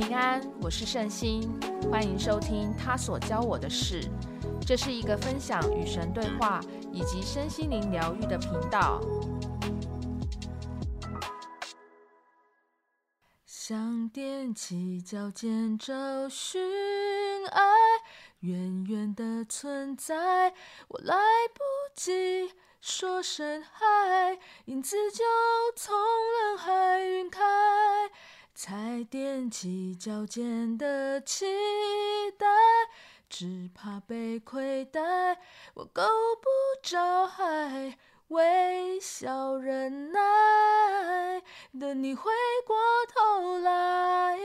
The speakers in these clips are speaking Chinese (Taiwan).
平安，我是聖心，歡迎收聽祂所教我的事。這是一個分享與神對話以及身心靈療癒的頻道。想踮起腳尖找尋愛，遠遠的存在，我來不及說聲愛，影子就從人海暈開。才踮起腳尖的期待，只怕被虧待。我夠不着還，微笑忍耐，等你回過頭來。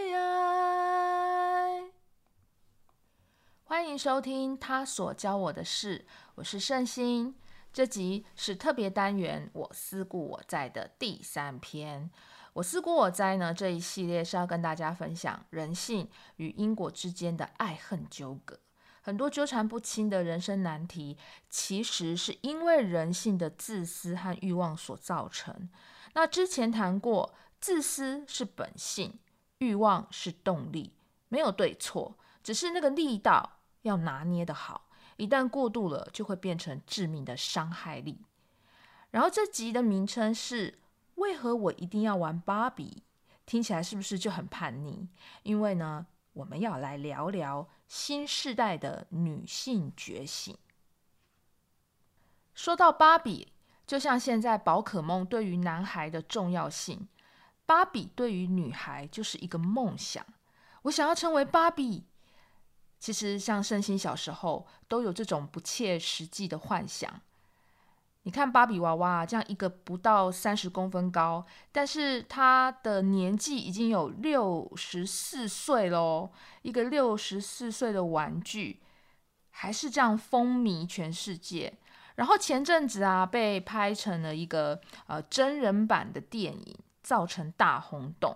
歡迎收聽《祂所教我的事》，我是聖心。這集是特別單元《我私故我在》的第三篇。我私故我在呢，這一系列是要跟大家分享人性與因果之間的愛恨糾葛，很多糾纏不清的人生難題，其實是因為人性的自私和欲望所造成。那之前談過，自私是本性，欲望是動力，沒有對錯，只是那個力道要拿捏得好，一旦過度了，就會變成致命的傷害力。然後這集的名稱是。為何我一定要玩芭比？聽起來是不是就很叛逆？因為呢，我們要來聊聊新時代的女性覺醒。說到芭比，就像現在寶可夢對於男孩的重要性，芭比對於女孩就是一個夢想。我想要成為芭比，其實像聖心小時候都有這種不切實際的幻想。你看芭比娃娃這樣一個不到三十公分高，但是他的年紀已經有六十四歲嘍。一個六十四歲的玩具，還是這樣風靡全世界。然後前陣子啊，被拍成了一個呃真人版的電影，造成大轟動。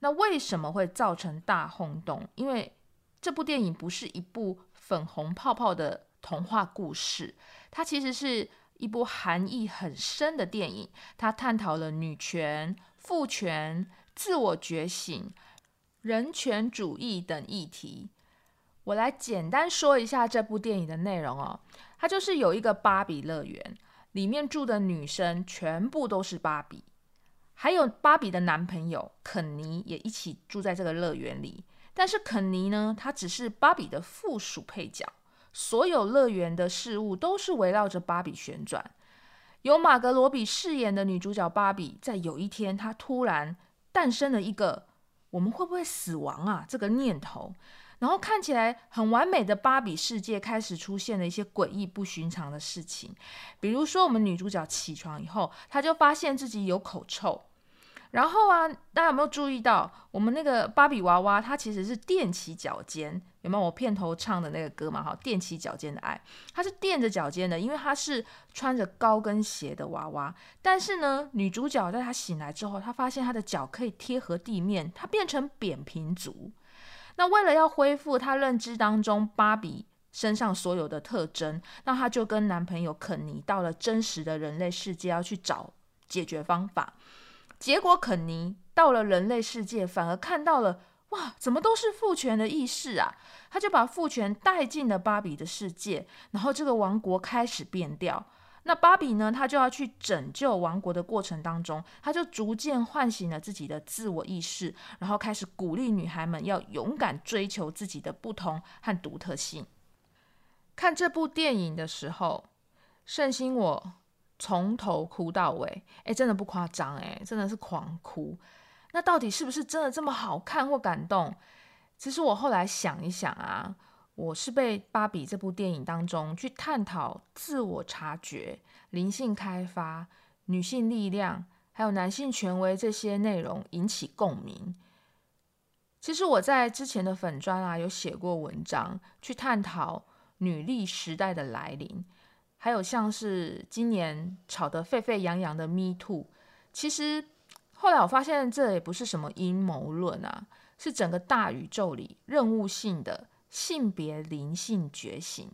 那為什麼會造成大轟動？因為這部電影不是一部粉紅泡泡的童話故事，它其實是。一部含義很深的電影，它探討了女權、父權、自我覺醒、人權主義等議題。我來簡單說一下這部電影的內容哦。它就是有一個芭比樂園，裡面住的女生全部都是芭比，還有芭比的男朋友肯尼也一起住在這個樂園裡。但是肯尼呢，他只是芭比的附屬配角。所有樂園的事物都是圍繞着芭比旋轉。由瑪格羅比飾演的女主角芭比，在有一天，她突然誕生了一個“我們會不會死亡啊”這個念頭。然後看起來很完美的芭比世界，開始出現了一些詭異不尋常的事情。比如說，我們女主角起床以後，她就發現自己有口臭。然後啊，大家有沒有注意到我們那個芭比娃娃，她其實是踮起腳尖？有沒有我片頭唱的那個歌嘛？哈、哦，踮起腳尖的愛，她是踮著腳尖的，因為她是穿着高跟鞋的娃娃。但是呢，女主角在她醒來之後，她發現她的腳可以貼合地面，她變成扁平足。那為了要恢復她認知當中芭比身上所有的特徵，那她就跟男朋友肯尼到了真實的人類世界，要去找解決方法。結果，肯尼到了人類世界，反而看到了哇，怎麼都是父權的意識啊！他就把父權帶進了芭比的世界，然後這個王國開始變調。那芭比呢，她就要去拯救王國的過程當中，她就逐漸喚醒了自己的自我意識，然後開始鼓勵女孩們要勇敢追求自己的不同和獨特性。看這部電影的時候，聖心我。從頭哭到尾，欸，真的不誇張欸，真的是狂哭。那到底是不是真的這麼好看或感動？其實我後來想一想啊，我是被《芭比》這部電影當中去探討自我察覺、靈性開發、女性力量，還有男性權威這些內容引起共鳴。其實我在之前的粉專，啊有寫過文章，去探討女力時代的來臨。還有像是今年炒得沸沸揚揚的 “Me Too”，其實後來我發現這也不是什麼陰謀論啊，是整個大宇宙裡任務性的性別靈性覺醒。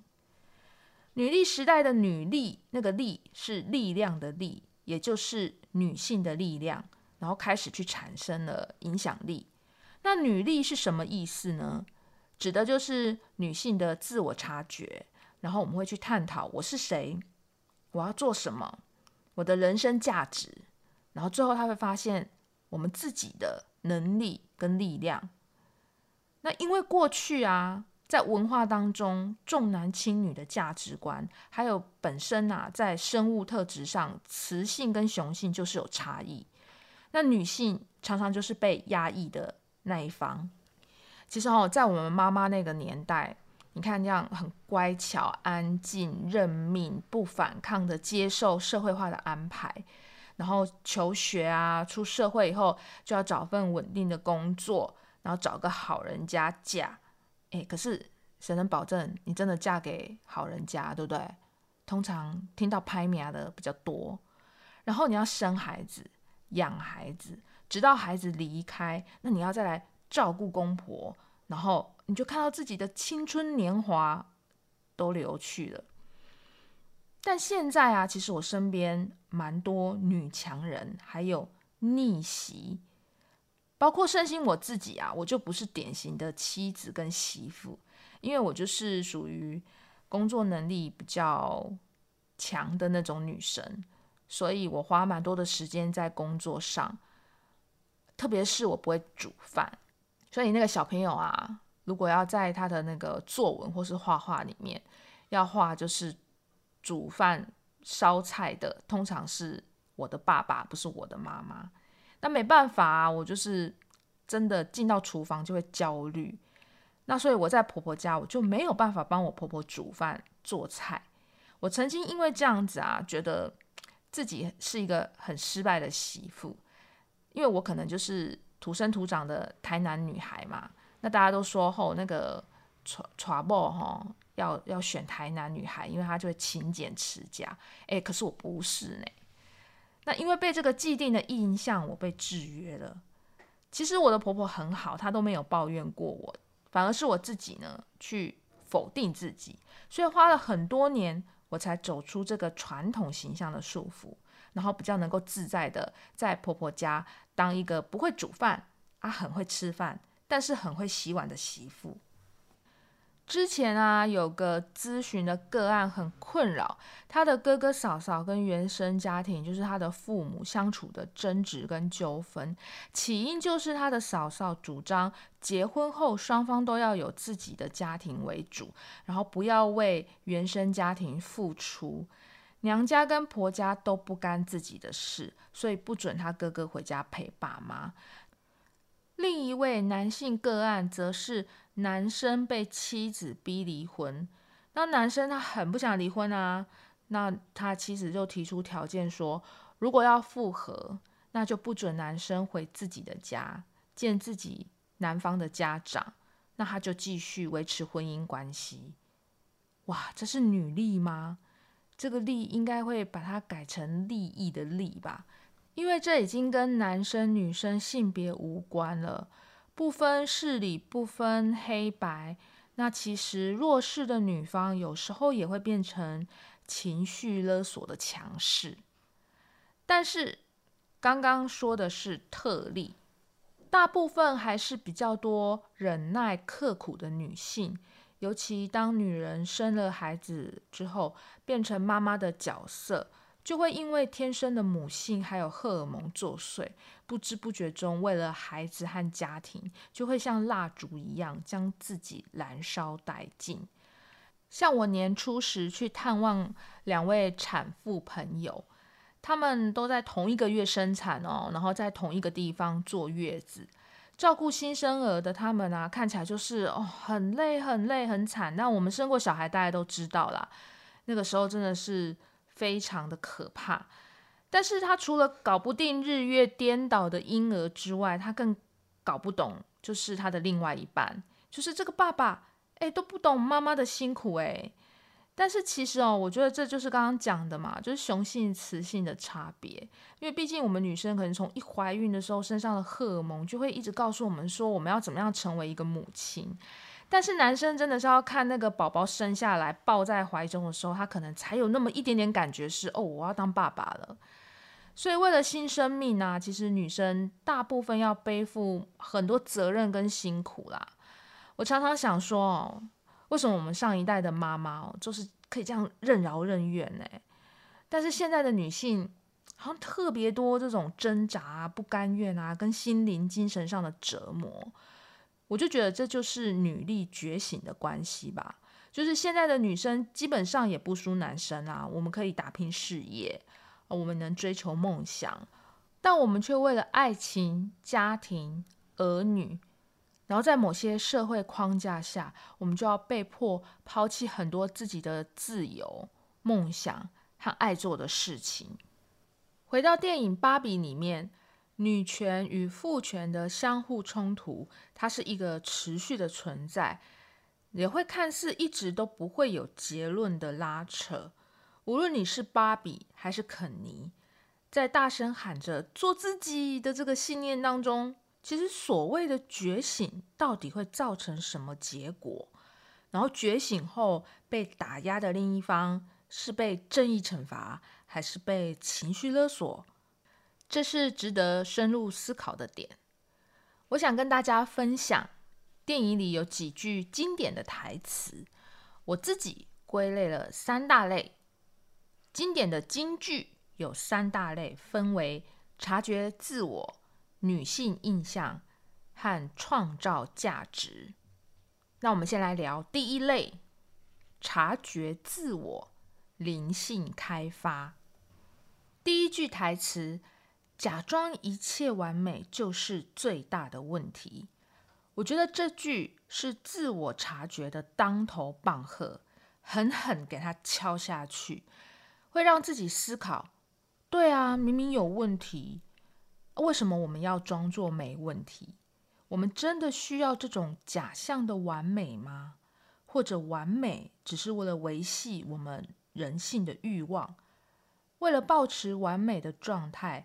女力時代的女力，那個“力”是力量的力，也就是女性的力量，然後開始去產生了影響力。那“女力”是什麼意思呢？指的就是女性的自我察覺。然後我們會去探討我是誰，我要做什麼，我的人生價值。然後最後他會發現我們自己的能力跟力量。那因為過去啊，在文化當中重男輕女的價值觀，還有本身吶、啊，在生物特質上，雌性跟雄性就是有差異。那女性常常就是被壓抑的那一方。其實哦，在我們媽媽那個年代。你看這樣很乖巧、安靜、認命、不反抗地接受社會化的安排，然後求學啊，出社會以後就要找份穩定的工作，然後找個好人家嫁。誒，可是誰能保證你真的嫁給好人家，對不對？通常聽到拍馬的比較多。然後你要生孩子、養孩子，直到孩子離開，那你要再來照顧公婆，然後。你就看到自己的青春年華都流去了。但現在啊，其實我身邊蠻多女強人，還有逆媳，包括聖心。我自己啊，我就不是典型的妻子跟媳婦，因為我就是屬於工作能力比較強的那種女生，所以我花蠻多的時間在工作上，特別是我不會煮飯，所以那個小朋友啊。如果要在他的那個作文或是畫畫裡面，要畫就是煮飯燒菜的，通常是我的爸爸，不是我的媽媽。那沒辦法啊，我就是真的進到廚房就會焦慮。那所以我在婆婆家，我就沒有辦法幫我婆婆煮飯做菜。我曾經因為這樣子啊，覺得自己是一個很失敗的媳婦，因為我可能就是土生土長的台南女孩嘛。那大家都說吼，那個娶娶某要要選台南女孩，因為她就會勤儉持家。哎、欸，可是我不是呢？那因為被這個既定的印象，我被制約了。其實我的婆婆很好，她都沒有抱怨過我，反而是我自己呢，去否定自己。所以花了很多年，我才走出這個傳統形象的束縛，然後比較能夠自在的在婆婆家當一個不會煮飯，啊，很會吃飯。但是很會洗碗的媳婦。之前啊有個諮詢的個案很困擾，他的哥哥嫂嫂跟原生家庭，就是他的父母相處的爭執跟糾紛，起因就是他的嫂嫂主張結婚後雙方都要有自己的家庭為主，然後不要為原生家庭付出，娘家跟婆家都不干自己的事，所以不准他哥哥回家陪爸媽。另一位男性個案則是男生被妻子逼離婚。那男生他很不想離婚啊，那他妻子就提出條件說，如果要復合，那就不准男生回自己的家見自己男方的家長，那他就繼續維持婚姻關係。哇，這是女力嗎？這個力應該會把它改成利益的利吧。因為這已經跟男生女生性別無關了，不分勢力，不分黑白。那其實弱勢的女方有時候也會變成情緒勒索的強勢。但是剛剛說的是特例，大部分還是比較多忍耐、刻苦的女性，尤其當女人生了孩子之後，變成媽媽的角色。就會因為天生的母性還有荷爾蒙作祟，不知不覺中為了孩子和家庭，就會像蠟燭一樣將自己燃燒殆盡。像我年初時去探望兩位產婦朋友，他們都在同一個月生產哦，然後在同一個地方坐月子，照顧新生兒的他們啊，看起來就是哦很累很累很慘。那我們生過小孩，大家都知道啦，那個時候真的是。非常的可怕，但是他除了搞不定日月顛倒的嬰兒之外，他更搞不懂，就是他的另外一半，就是這個爸爸，哎，欸，都不懂媽媽的辛苦，欸，哎，但是其實哦，我覺得這就是剛剛講的嘛，就是雄性雌性的差別，因為畢竟我們女生可能從一懷孕的時候，身上的荷爾蒙就會一直告訴我們說，我們要怎麼樣成為一個母親。但是男生真的是要看那個寶寶生下來抱在懷中的時候，他可能才有那麼一點點感覺是哦，我要當爸爸了。所以為了新生命呢啊，其實女生大部分要背負很多責任跟辛苦啦。我常常想說哦，為什麼我們上一代的媽媽哦，就是可以這樣任勞任怨呢？但是現在的女性好像特別多這種掙扎啊，不甘願啊，跟心靈精神上的折磨。我就覺得這就是女力覺醒的關係吧，就是現在的女生基本上也不輸男生啊，我們可以打拼事業，我們能追求夢想，但我們卻為了愛情、家庭、兒女，然後在某些社會框架下，我們就要被迫拋棄很多自己的自由、夢想和愛做的事情。回到電影《芭比》裡面。女權與父權的相互衝突，它是一個持續的存在，也會看似一直都不會有結論的拉扯。無論你是芭比還是肯尼，在大聲喊着做自己的這個信念當中，其實所謂的覺醒到底會造成什麼結果？然後覺醒後被打壓的另一方是被正義懲罰，還是被情緒勒索？這是值得深入思考的點。我想跟大家分享電影裡有幾句經典的台詞，我自己歸類了三大類。經典的金句有三大類，分為察覺自我、女性印象和創造價值。那我們先來聊第一類：察覺自我、靈性開發。第一句台詞。假裝一切完美就是最大的問題。我覺得這句是自我察覺的當頭棒喝，狠狠給它敲下去，會讓自己思考：對啊，明明有問題，為什麼我們要裝作沒問題？我們真的需要這種假象的完美嗎？或者完美只是為了維繫我們人性的慾望，為了保持完美的狀態？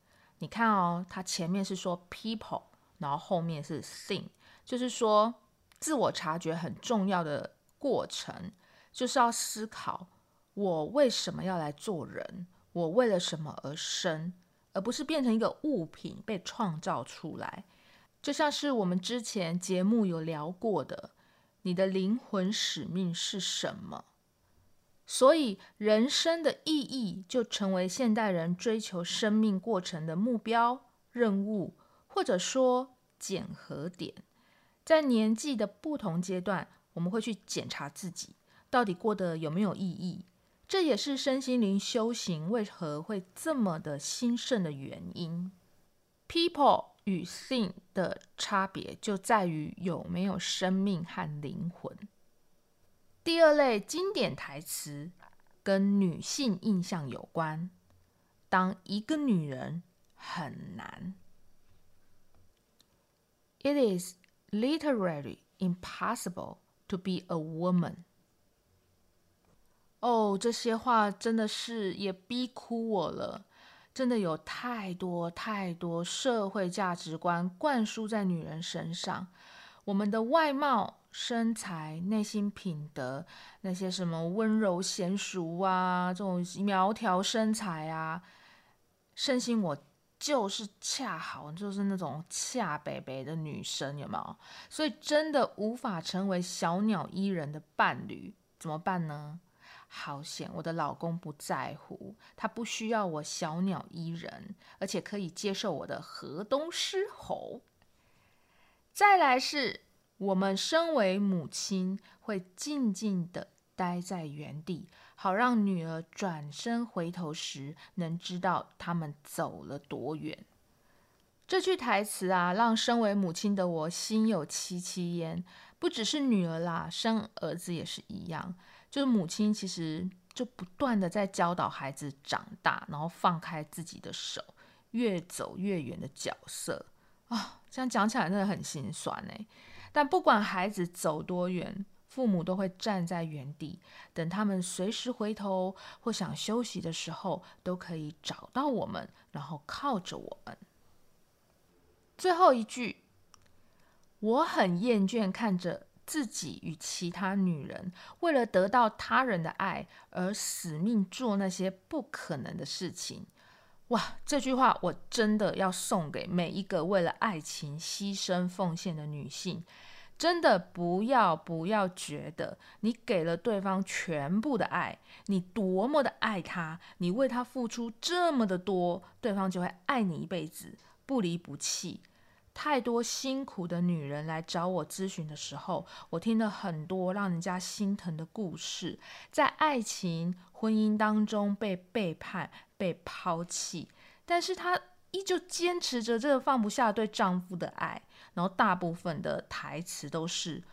你看哦，它前面是說 people，然後後面是 thing，就是說自我察覺很重要的過程，就是要思考我為什麼要來做人，我為了什麼而生，而不是變成一個物品被創造出來。就像是我們之前節目有聊過的，你的靈魂使命是什麼？所以，人生的意義就成為現代人追求生命過程的目標、任務，或者說檢核點。在年紀的不同階段，我們會去檢查自己到底過得有沒有意義。這也是身心靈修行為何會這麼的興盛的原因。People 與 thing 的差別就在於有沒有生命和靈魂。第二類經典台詞跟女性印象有關。當一個女人很難，It is literally impossible to be a woman。哦，這些話真的是也逼哭我了。真的有太多太多社會價值觀灌輸在女人身上，我們的外貌。身材、內心、品德，那些什麼溫柔、嫻熟啊，這種苗條身材啊，身心我就是恰好，就是那種恰北北的女生，有沒有？所以真的無法成為小鳥依人的伴侶，怎麼辦呢？好險，我的老公不在乎，他不需要我小鳥依人，而且可以接受我的河東獅吼。再來是，我們身為母親，會靜靜地待在原地，好讓女兒轉身回頭時，能知道她們走了多遠。這句台詞啊，讓身為母親的我心有戚戚焉。不只是女兒啦，生兒子也是一樣。就是母親其實就不斷地在教導孩子長大，然後放開自己的手，越走越遠的角色啊、哦。這樣講起來真的很心酸呢、欸。但不管孩子走多遠，父母都會站在原地，等他們隨時回頭或想休息的時候，都可以找到我們，然後靠着我們。最後一句，我很厭倦看着自己與其他女人為了得到他人的愛而死命做那些不可能的事情。哇，這句話我真的要送給每一個為了愛情犧牲奉獻的女性，真的不要不要，覺得你給了對方全部的愛，你多麼的愛他，你為他付出這麼的多，對方就會愛你一輩子，不離不棄。太多辛苦的女人來找我諮詢的時候，我聽了很多讓人家心疼的故事，在愛情、婚姻當中被背叛，被拋棄，但是她依舊堅持着這個放不下對丈夫的愛。然後大部分的台詞都是：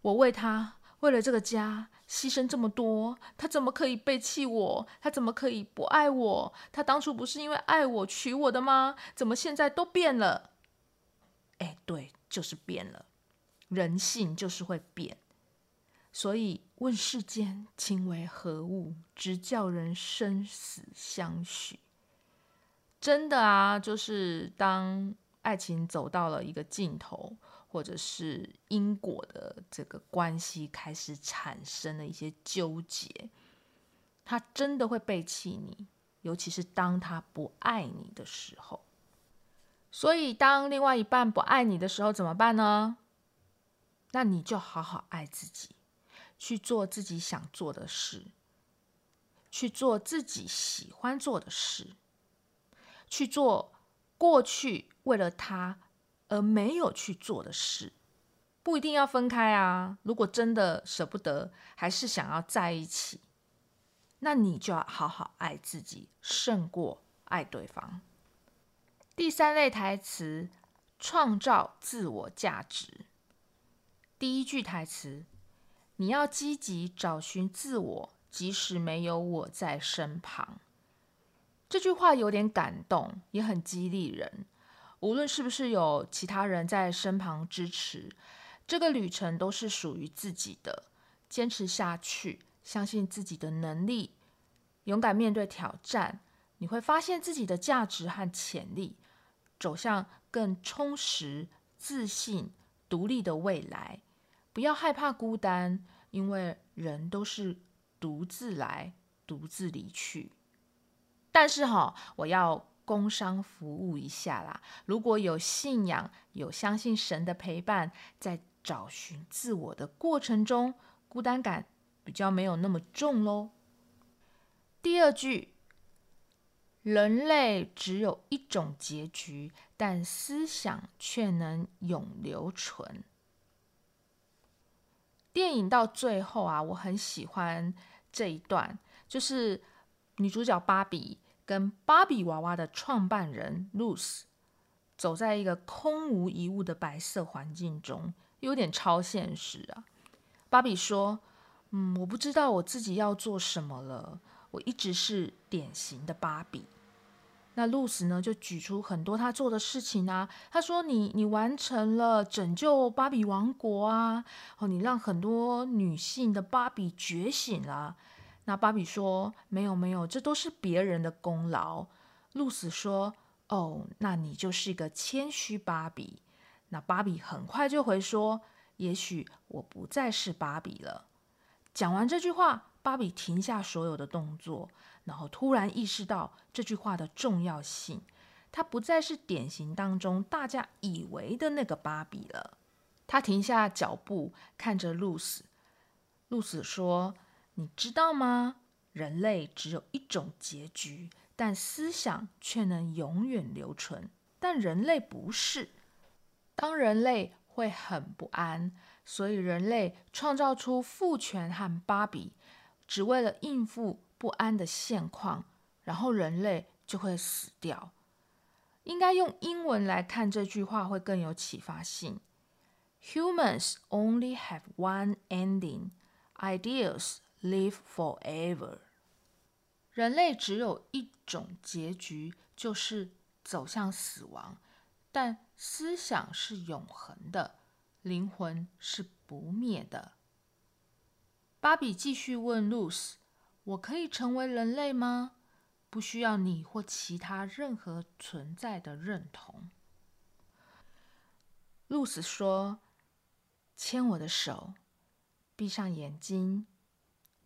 我為他，為了這個家犧牲這麼多，他怎麼可以背棄我？他怎麼可以不愛我？他當初不是因為愛我娶我的嗎？怎麼現在都變了？誒，對，就是變了，人性就是會變。所以問世間情為何物，直教人生死相許。真的啊，就是當愛情走到了一個盡頭，或者是因果的這個關係開始產生了一些糾結，他真的會背棄你，尤其是當他不愛你的時候。所以，當另外一半不愛你的時候，怎麼辦呢？那你就好好愛自己。去做自己想做的事，去做自己喜歡做的事，去做過去為了他而沒有去做的事，不一定要分開啊。如果真的捨不得，還是想要在一起，那你就要好好愛自己，勝過愛對方。第三類台詞：創造自我價值。第一句台詞。你要積極找尋自我，即使沒有我在身旁。這句話有點感動，也很激勵人。無論是不是有其他人在身旁支持，這個旅程都是屬於自己的。堅持下去，相信自己的能力，勇敢面對挑戰，你會發現自己的價值和潛力，走向更充實、自信、獨立的未來。不要害怕孤單，因為人都是獨自來，獨自離去。但是哈、哦，我要工商服務一下啦。如果有信仰，有相信神的陪伴，在找尋自我的過程中，孤單感比較沒有那麽重嘍。第二句，人類只有一種結局，但思想卻能永留存。電影到最後啊，我很喜歡這一段，就是女主角芭比跟芭比娃娃的創辦人露絲走在一個空無一物的白色環境中，有點超現實啊。芭比說：“嗯，我不知道我自己要做什麼了，我一直是典型的芭比。”那露絲呢，就舉出很多她做的事情啊。她說你：“你你完成了拯救芭比王國啊，哦，你讓很多女性的芭比覺醒了啊。”那芭比說：“沒有沒有，這都是別人的功勞。”露絲說：“哦，那你就是一個謙虛芭比。”那芭比很快就回說：“也許我不再是芭比了。”講完這句話。芭比停下所有的動作，然後突然意識到這句話的重要性。她不再是典型當中大家以為的那個芭比了。她停下腳步，看着露絲。露絲說：“你知道嗎？人類只有一種結局，但思想卻能永遠留存。但人類不是。當人類會很不安，所以人類創造出父權和芭比。”只為了應付不安的現況，然後人類就會死掉。應該用英文來看這句話會更有啟發性。Humans only have one ending, ideas live forever. 人類只有一種結局，就是走向死亡，但思想是永恆的，靈魂是不滅的。芭比繼續問露絲：“我可以成為人類嗎？不需要你或其他任何存在的認同。”露絲說：“牽我的手，閉上眼睛，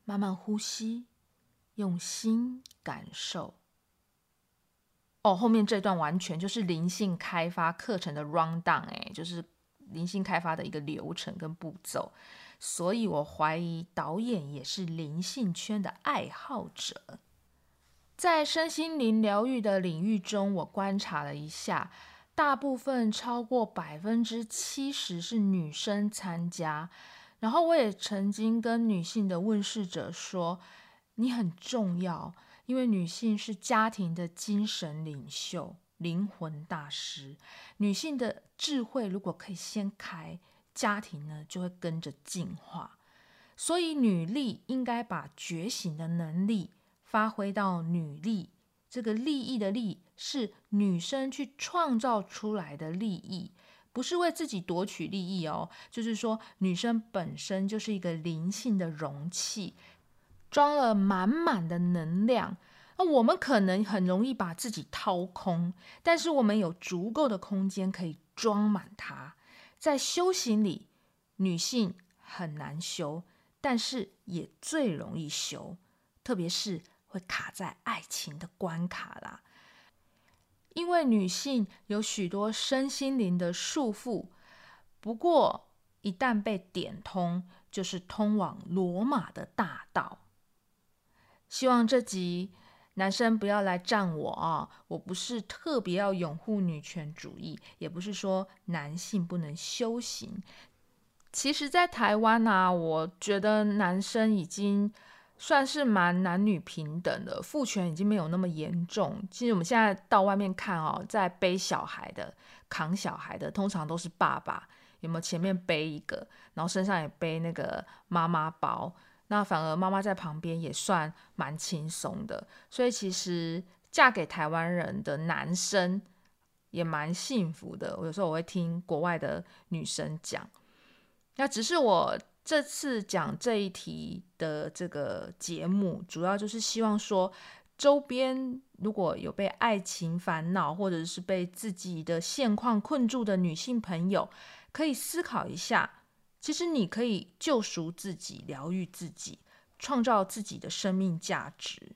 慢慢呼吸，用心感受。”哦，後面這段完全就是靈性開發課程的 rundown，哎，就是靈性開發的一個流程跟步驟。所以我懷疑導演也是靈性圈的愛好者，在身心靈療癒的領域中，我觀察了一下，大部分超過百分之七十是女生參加。然後我也曾經跟女性的問世者說：“你很重要，因為女性是家庭的精神領袖、靈魂大師。女性的智慧如果可以先開。”家庭呢，就會跟着進化，所以女力應該把覺醒的能力發揮到女力。這個利益的利是女生去創造出來的利益，不是為自己奪取利益哦。就是說，女生本身就是一個靈性的容器，裝了滿滿的能量。那我們可能很容易把自己掏空，但是我們有足夠的空間可以裝滿它。在修行裡，女性很難修，但是也最容易修，特別是會卡在愛情的關卡啦。因為女性有許多身心靈的束縛，不過一旦被點通，就是通往羅馬的大道。希望這集。男生不要來戰我啊！我不是特別要擁護女權主義，也不是說男性不能修行。其實，在台灣啊，我覺得男生已經算是蠻男女平等的，父權已經沒有那麼嚴重。其實，我們現在到外面看哦，在背小孩的、扛小孩的，通常都是爸爸。有沒有前面背一個，然後身上也背那個媽媽包？那反而媽媽在旁邊也算蠻輕鬆的，所以其實嫁給台灣人的男生也蠻幸福的。我有時候我會聽國外的女生講，那只是我這次講這一題的這個節目，主要就是希望說，周邊如果有被愛情煩惱，或者是被自己的現況困住的女性朋友，可以思考一下。其實你可以救贖自己、療癒自己、創造自己的生命價值，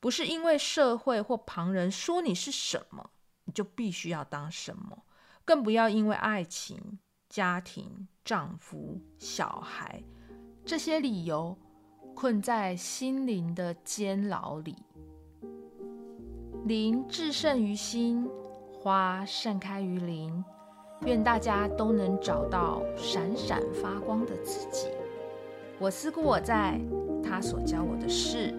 不是因為社會或旁人說你是什麼，你就必須要當什麼，更不要因為愛情、家庭、丈夫、小孩這些理由困在心靈的監牢裡。靈至勝於心，花盛開於靈。願大家都能找到閃閃發光的自己。我思故我在，他所教我的事。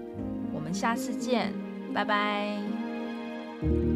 我們下次見，拜拜。